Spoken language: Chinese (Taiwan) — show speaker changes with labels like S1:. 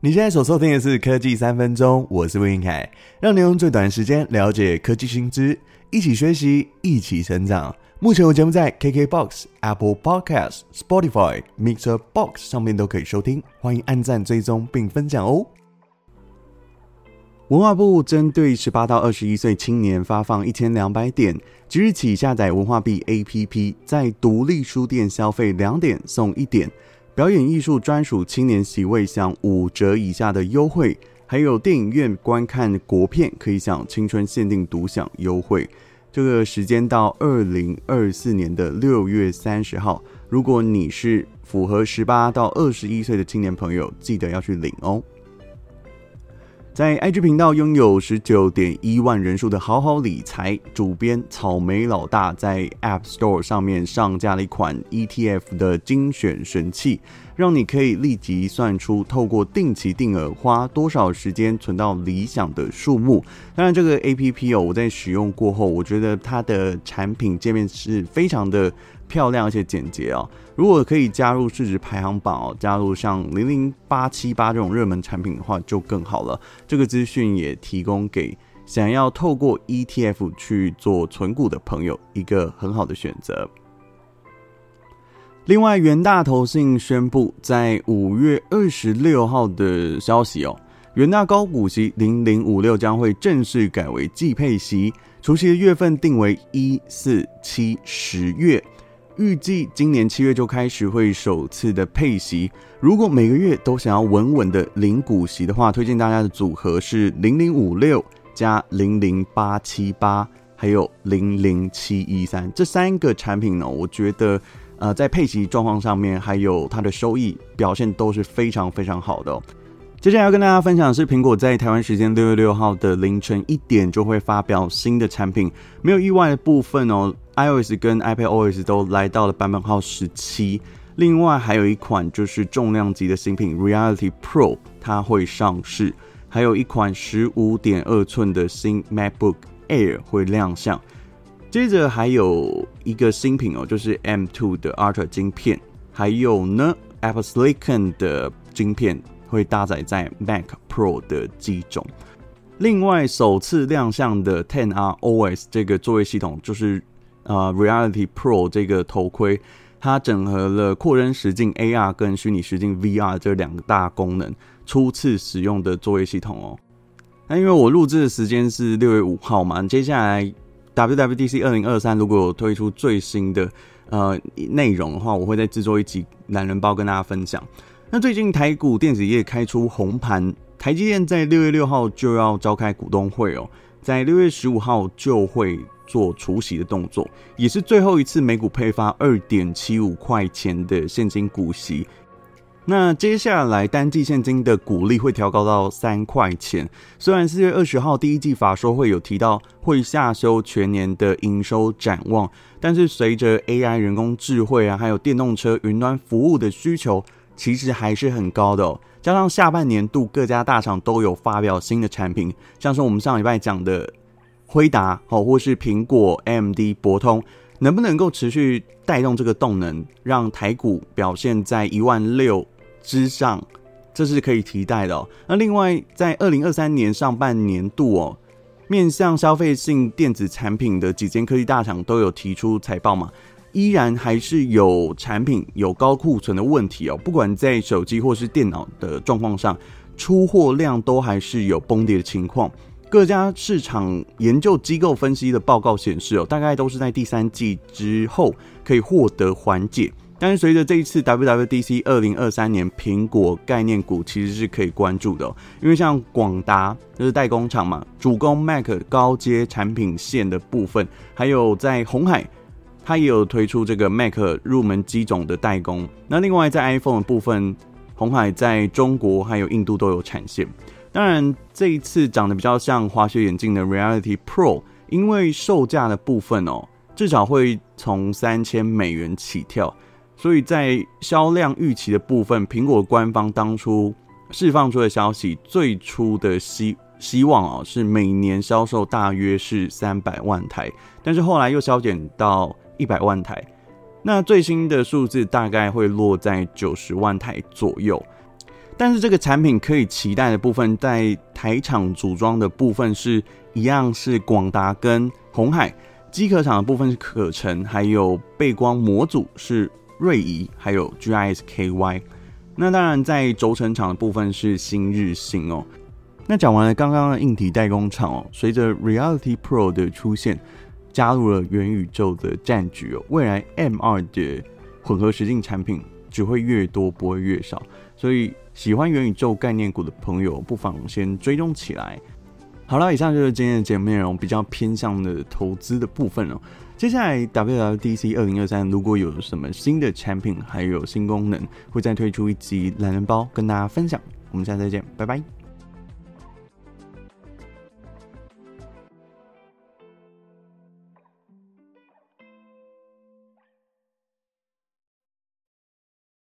S1: 你現在所收聽的是《科技三分鐘》，我是吳晏愷，讓您用最短時間了解科技新知，一起學習，一起成長。目前我節目在 KKBOX、Apple Podcast、Spotify、Mixer Box 上面都可以收聽，歡迎按讚、追蹤並分享哦。文化部針對十八到二十一歲青年發放一千兩百點，即日起下載文化幣 APP，在獨立書店消費兩點送一點。表演藝術專屬青年席位享五折以下的優惠，還有電影院觀看國片可以享青春限定獨享優惠。這個時間到二零二四年的六月三十號，如果你是符合十八到二十一歲的青年朋友，記得要去領哦。在 IG 頻道擁有十九點一萬人數的好好理財主編草莓老大，在 App Store 上面上架了一款 ETF 的精選神器，讓你可以立即算出透過定期定額花多少時間存到理想的數目。當然，這個 APP 哦，我在使用過後，我覺得它的產品界面是非常的漂亮，而且簡潔哦，如果可以加入市值排行榜哦，加入像零零八七八這種熱門產品的話，就更好了。這個資訊也提供給想要透過 ETF 去做存股的朋友一個很好的選擇。另外，元大投信宣布，在五月二十六號的消息哦，元大高股息零零五六將會正式改為季配息，除息的月份定為一四七十月。預計今年七月就開始會首次的配息。如果每個月都想要穩穩的領股息的話，推薦大家的組合是零零五六加零零八七八，還有零零七一三這三個產品呢哦。我覺得，呃，在配息狀況上面，還有它的收益表現都是非常非常好的哦。接下來要跟大家分享的是，蘋果在台灣時間六月六號的凌晨一點就會發表新的產品，沒有意外的部分哦。iOS 跟 iPadOS 都來到了版本號十七，另外還有一款就是重量級的新品 Reality Pro，它會上市，還有一款十五點二寸的新 MacBook Air 會亮相，接着還有一個新品哦、喔，就是 M2 的 Artic 晶片，還有呢 Apple Silicon 的晶片會搭載在 Mac Pro 的機種，另外首次亮相的 xrOS 這個作業系統就是。啊、uh,，Reality Pro 這個頭盔，它整合了擴增實境 AR 跟虛擬實境 VR 這兩大功能。初次使用的作業系統哦。那因為我錄制的時間是六月五號嘛，接下來 WWDC 二零二三如果有推出最新的呃內容的話，我會再制作一集懶人包跟大家分享。那最近台股電子業開出紅盤，台積電在六月六號就要召開股東會哦。在六月十五號就會做除息的動作，也是最後一次每股配發二點七五塊錢的現金股息。那接下來單季現金的股利會調高到三塊錢。雖然四月二十號第一季法說會有提到會下修全年的營收展望，但是隨着 AI 人工智慧，啊，還有電動車、雲端服務的需求。其實還是很高的哦，加上下半年度各家大廠都有發表新的產品，像是我們上禮拜講的輝達或是蘋果、AMD、博通，能不能夠持續帶動這個動能，讓台股表現在一萬六之上，這是可以替代的哦。那另外，在二零二三年上半年度哦，面向消費性電子產品的幾間科技大廠都有提出財報嘛？依然還是有產品有高庫存的問題哦，不管在手機或是電腦的狀況上，出貨量都還是有崩跌的情況。各家市場研究機構分析的報告顯示哦，大概都是在第三季之後可以獲得緩解。但是隨着這一次 W W D C 二零二三年，蘋果概念股其實是可以關注的哦，因為像廣達就是代工廠嘛，主攻 Mac 高階產品線的部分，還有在鴻海。它也有推出這個 Mac 入門機種的代工。那另外在 iPhone 的部分，鴻海在中國還有印度都有產線。當然，這一次長得比較像滑雪眼鏡的 Reality Pro，因為售價的部分哦，至少會從三千美元起跳，所以在銷量預期的部分，蘋果官方當初釋放出的消息，最初的希希望哦，是每年銷售大約是三百萬台，但是後來又削減到。一百萬台，那最新的數字大概會落在九十萬台左右。但是這個產品可以期待的部分，在台廠組裝的部分是一樣是廣達跟鴻海，機殼廠的部分是可成，還有背光模組是瑞儀，還有 GIS-KY。那當然，在軸承廠的部分是新日興哦。那講完了剛剛的硬體代工廠哦，隨着 Reality Pro 的出現，加入了元宇宙的戰局哦，未來 M 二的混合實境產品只會越多，不會越少。所以喜歡元宇宙概念股的朋友，不妨先追蹤起來。好了，以上就是今天的節目內容，比較偏向的投資的部分了。接下來 WWDC 二零二三，如果有什麼新的產品，還有新功能，會再推出一集懶人包跟大家分享。我們下次再見，拜拜。